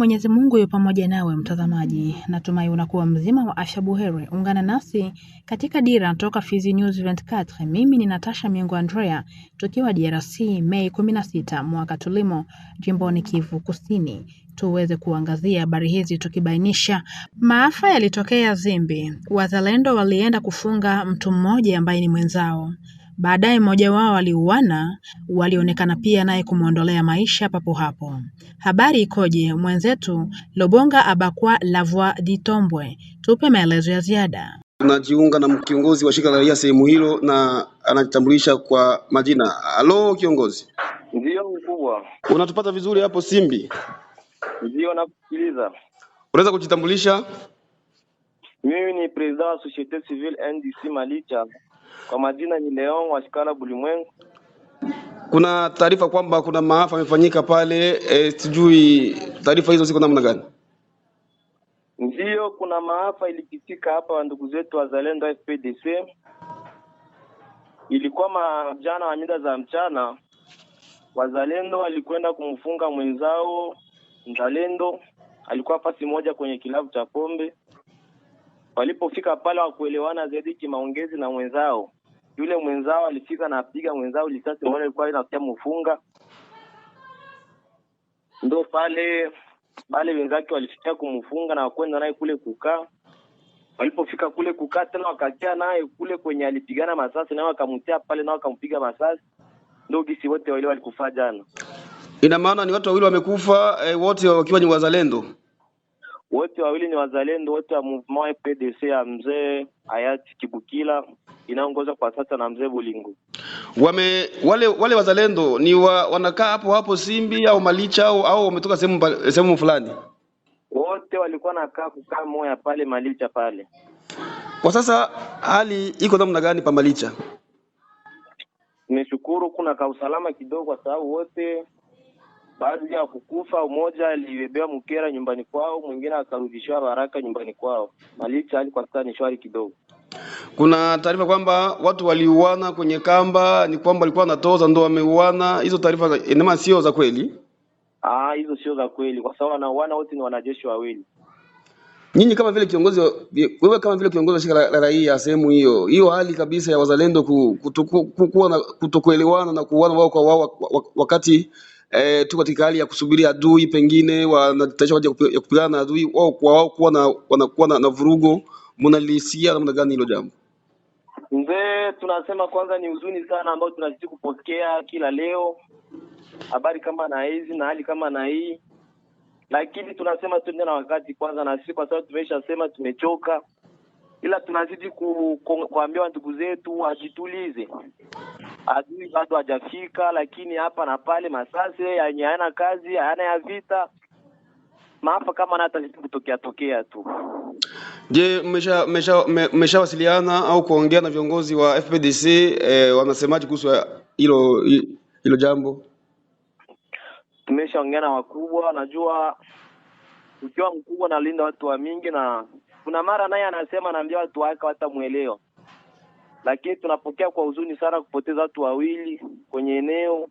Mwenyezi Mungu yu pamoja nawe mtazamaji, natumai unakuwa mzima wa afya buheri. Ungana nasi katika dira toka Fizi News 24. Mimi ni Natasha mingo Andrea, tukiwa DRC Mei 16 mwaka tulimo, jimboni Kivu Kusini, tuweze kuangazia habari hizi tukibainisha maafa yalitokea Zimbi, wazalendo walienda kufunga mtu mmoja ambaye ni mwenzao Baadaye mmoja wao aliuana, walionekana pia naye kumwondolea maisha papo hapo. Habari ikoje mwenzetu Lobonga Abakwa La Voix Ditombwe? Tupe maelezo ya ziada. Tunajiunga na kiongozi wa shirika la raia sehemu hilo, na anajitambulisha kwa majina. Halo kiongozi. Ndio mkubwa. Unatupata vizuri hapo Simbi? Ndio, nakusikiliza. Unaweza kujitambulisha? Mimi ni president wa Societe Civile NDC Malicha kwa majina ni Leon Washikala Bulimwengu. Kuna taarifa kwamba kuna maafa yamefanyika pale, e, sijui taarifa hizo ziko namna gani? Ndiyo, kuna maafa ilipitika hapa wa ndugu zetu wazalendo FPDC. Ilikuwa majana wa mida za mchana, wazalendo walikwenda kumfunga mwenzao mzalendo, alikuwa fasi moja kwenye kilabu cha pombe Walipofika pale wakuelewana zaidi kimaongezi na mwenzao, yule mwenzao alifika na apiga mwenzao lisasi mbona ilikuwa inakuja mfunga. Ndo pale wale wenzake walifikia kumfunga na wakwenda naye kule kukaa. Walipofika kule kukaa tena, wakakia naye kule kwenye alipigana masasi, nao wakamtia pale, nao wakampiga masasi. Ndo gisi wote wale walikufa jana. Ina maana ni watu wawili wamekufa, eh, wote wakiwa ni wazalendo. Wote wawili ni wazalendo wote wa Mouvement PDC ya mzee hayati Kibukila inaongozwa kwa sasa na mzee Bulingu. Wame wale wale wazalendo ni wa, wanakaa hapo hapo Simbi au Malicha au au wametoka sehemu sehemu fulani? Wote walikuwa nakaa kukaa moya pale Malicha pale. Kwa sasa hali iko namna gani pa Malicha? Nimeshukuru kuna kausalama kidogo, kwa sababu wote baadhi ya kukufa. Umoja alibebewa mkera nyumbani kwao, mwingine akarudishiwa baraka nyumbani kwao. Malicha hali kwa sasa ni shwari kidogo. Kuna taarifa kwamba watu waliuana kwenye kamba, ni kwamba walikuwa wanatoza ndo wameuana. Hizo taarifa eh, inama sio za kweli? Ah, hizo sio za kweli kwa sababu wanauana wote ni wanajeshi wawili. Nyinyi kama vile kiongozi, wewe kama vile kiongozi wa shirika la raia sehemu hiyo hiyo, hali kabisa ya wazalendo kutokuelewana na kuuana wao kwa wao wakati e, tuko katika hali ya kusubiri adui, pengine wanatayarisha kwa ya kupigana na adui wao kwa wao, kuwa na wanakuwa na, na vurugo. Mnalisikia namna gani hilo jambo? Mzee, tunasema kwanza ni huzuni sana ambayo tunazidi kupokea kila leo, habari kama na hizi na hali kama na hii, lakini tunasema tuende na wakati kwanza, na sisi kwa sababu tumeshasema tumechoka, ila tunazidi ku, ku, kuambiwa ndugu zetu wajitulize, adui bado hajafika, lakini hapa na pale masasi yenye hayana kazi hayana ya vita, maafa kama hata kutokea tokea tu. Je, mmeshawasiliana au kuongea na viongozi wa FPDC eh, wanasemaje kuhusu hilo hilo jambo? Tumeshaongea na wakubwa, najua ukiwa mkubwa nalinda watu wa mingi, na kuna mara naye anasema anaambia watu wake watamwelewa lakini tunapokea kwa huzuni sana kupoteza watu wawili kwenye eneo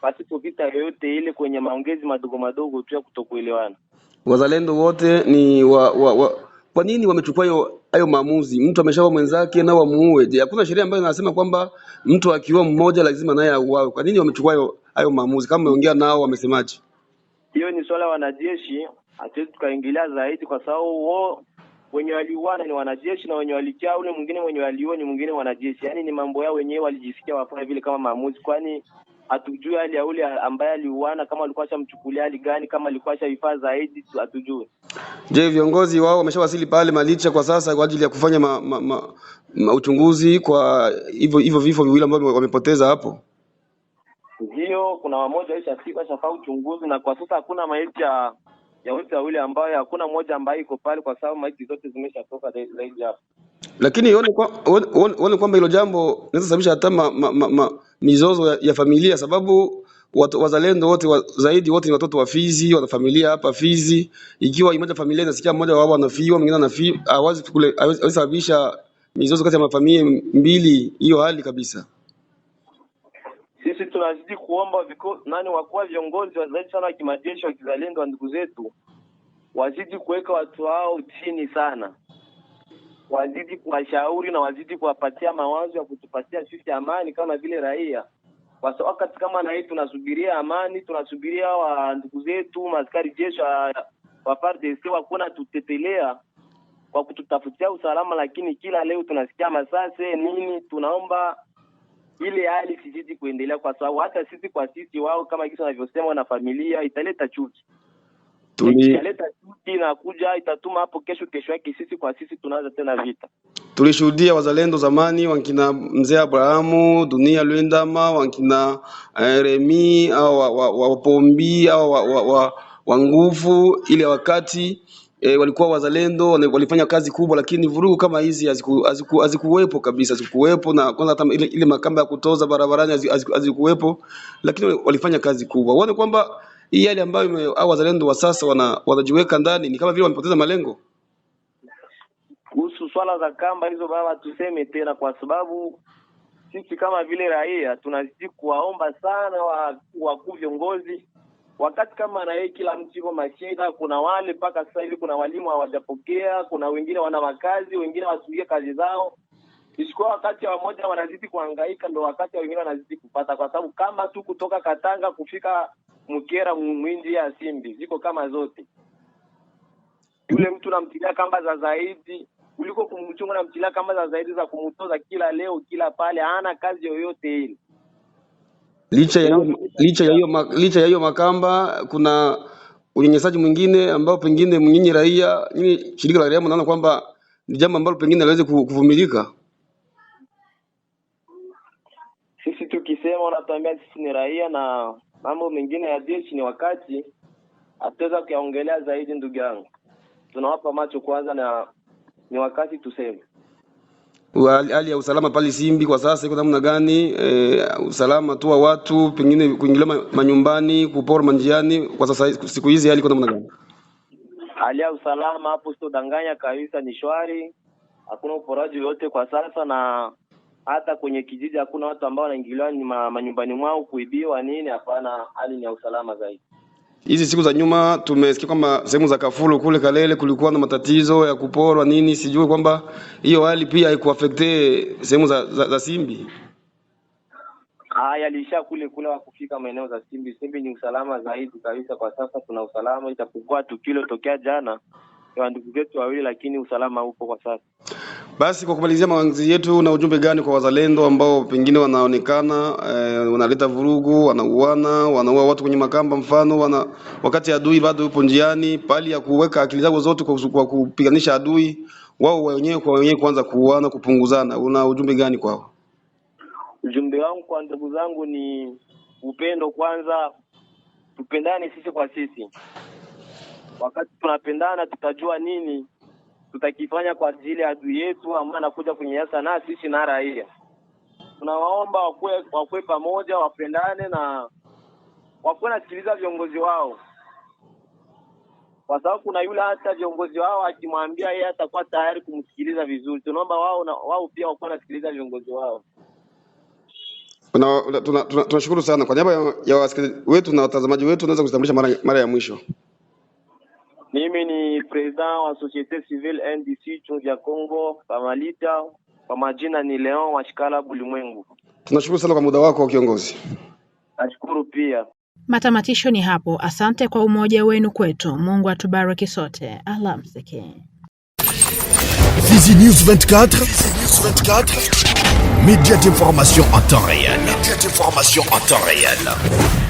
pasipo vita yoyote ile, kwenye maongezi madogo madogo tu ya kutokuelewana. Wazalendo wote ni wa, wa, wa. Kwa nini wamechukua hiyo hayo maamuzi? Mtu ameshaua mwenzake nao wamuue. Je, hakuna sheria ambayo inasema kwamba mtu akiua mmoja lazima naye auawe? Kwa nini wamechukua hayo maamuzi? Kama umeongea nao wamesemaje? Hiyo ni swala ya wanajeshi, hatuwezi tukaingilia zaidi kwa sababu wenye waliuana ni wanajeshi na wenye walikia ule mwingine wenye waliua ni mwingine wanajeshi. Yaani ni mambo yao wenyewe, walijisikia wafanya vile kama maamuzi, kwani hatujui hali ya ule ambaye aliuana, kama alikuwa ashamchukulia hali gani, kama alikuwa ashavifaa zaidi, hatujui. Je, viongozi wao wameshawasili pale Malicha kwa sasa kwa ajili ya kufanya ma, ma, ma, ma uchunguzi kwa hivyo hivyo vifo viwili ambavyo wamepoteza hapo? Ndio, kuna wamoja wameshafika, washafaa uchunguzi, na kwa sasa hakuna maiti ya ya wote wawili ambayo hakuna mmoja ambaye iko pale, kwa sababu maiti zote zimeshatoka zaidi hapo. lakini uone kwa- uone- uone- kwamba hilo jambo linaweza sababisha hata ma, ma, ma, ma, mizozo ya, ya familia sababu watu, wazalendo wote wa, zaidi wote ni watoto wa Fizi, wana familia hapa Fizi. Ikiwa imoja familia inasikia mmoja wao anafiwa, mwingine anafiwa, hawezi kule- hawezi sababisha mizozo kati ya mafamilia mbili, hiyo hali kabisa tunazidi kuomba viko, nani wakuwa viongozi zaidi sana wa kimajeshi wa kizalendo wa ndugu zetu wazidi kuweka watu hao chini sana, wazidi kuwashauri na wazidi kuwapatia mawazo ya kutupatia sisi amani kama vile raia, kwa sababu wakati kama na hii tunasubiria amani, tunasubiria wa ndugu zetu maskari jeshi wa, wa FARDC wakuwa kwa kututafutia usalama, lakini kila leo tunasikia masase nini. Tunaomba ile hali sizidi kuendelea, kwa sababu hata sisi kwa sisi wao kama kisi wanavyosema na familia, italeta chuki italeta chuki na kuja itatuma hapo kesho kesho yake sisi kwa sisi tunaanza tena vita. Tulishuhudia wazalendo zamani wankina mzee Abrahamu Dunia Lwendama wankina eh, Remi au wapombi wa, wa, wa, wa, wa, wa, wa, wa nguvu ile wakati e, walikuwa wazalendo walifanya kazi kubwa, lakini vurugu kama hizi hazikuwepo aziku, kabisa, hazikuwepo na kwanza hata ile, ile makamba ya kutoza barabarani hazikuwepo, lakini walifanya kazi kubwa. Uone kwamba hii hali ambayo hao wazalendo wa sasa wana, wanajiweka ndani ni kama vile wamepoteza malengo. Kuhusu swala za kamba hizo, baba, tuseme tena, kwa sababu sisi kama vile raia tunazidi kuwaomba sana wakuu wa viongozi wakati kama na yeye, kila mtu yuko mashida. Kuna wale mpaka sasa hivi kuna walimu hawajapokea, kuna wengine wana makazi, wengine wasuie kazi zao isikuwa wakati wa moja wanazidi kuhangaika, ndo wakati wengine wanazidi kupata, kwa sababu kama tu kutoka Katanga kufika Mkera mwinji ya Simbi ziko kama zote. Yule mtu namtilia kamba za zaidi kuliko kumchunga, namtilia kamba za zaidi za kumtoza kila leo kila pale, hana kazi yoyote ile. Licha ya hiyo licha ya hiyo licha ya hiyo makamba, kuna unyenyesaji mwingine ambao pengine mnyinyi raia, nyinyi shirika la raia mnaona kwamba ni jambo ambalo pengine laweze kuvumilika. Sisi tukisema wanatuambia sisi ni raia na mambo mengine ya jeshi ni wakati, hatuweza kuyaongelea zaidi. Ndugu yangu, tunawapa macho kwanza, na ni wakati tuseme hali ya usalama pale Simbi kwa sasa iko namna gani? E, usalama tu wa watu pengine kuingilia manyumbani, kupora manjiani, kwa sasa siku hizi hali iko namna gani? Hali ya usalama hapo sio danganya kabisa, ni shwari, hakuna uporaji yoyote kwa sasa, na hata kwenye kijiji hakuna watu ambao wanaingiliwa manyumbani mwao kuibiwa nini. Hapana, hali ni ya usalama zaidi. Hizi siku za nyuma tumesikia kwamba sehemu za Kafulu kule Kalele kulikuwa na matatizo ya kuporwa nini, sijui kwamba hiyo hali pia haikuafekte sehemu za, za, za Simbi. Haya, alisha kule kule kufika maeneo za Simbi. Simbi ni usalama zaidi kabisa kwa sasa, tuna usalama, itapokuwa tukio tokea jana ya ndugu zetu wawili, lakini usalama upo kwa sasa. Basi kwa kumalizia maanzi yetu, na ujumbe gani kwa wazalendo ambao pengine wanaonekana eh, wanaleta vurugu, wanauana, wanaua watu kwenye makamba mfano wana, wakati adui bado yupo njiani, pali ya kuweka akili zako zote kwa, kwa kupiganisha adui, wao wenyewe kwa wenyewe kuanza kuuana, kupunguzana, una ujumbe gani kwao? Ujumbe wangu kwa ndugu zangu ni upendo kwanza, tupendane sisi kwa sisi. Wakati tunapendana tutajua nini tutakifanya kwa ajili ya adui yetu ambaye anakuja kunyanyasa na sisi na raia. Tunawaomba wakuwe wakuwe pamoja, wapendane na wakuwe nasikiliza viongozi wao, kwa sababu kuna yule hata viongozi wao akimwambia yeye atakuwa tayari kumsikiliza vizuri. Tunaomba wao na wao pia wakuwe nasikiliza viongozi wao. Tunashukuru tuna, tuna, tuna sana kwa niaba ya, ya wasikilizaji wetu na watazamaji wetu, unaweza kujitambulisha mara, mara ya mwisho? Mimi ni president wa Societe Civile NDC Chungu ya Pamalita, kwa majina ni Leon Washikala Bulimwengu. Tunashukuru sana kwa muda wako kiongozi. Nashukuru pia. Matamatisho ni hapo. Asante kwa umoja wenu kwetu. Mungu atubariki sote. Alamsiki. Fizi News 24. d'information en temps réel. d'information en temps réel.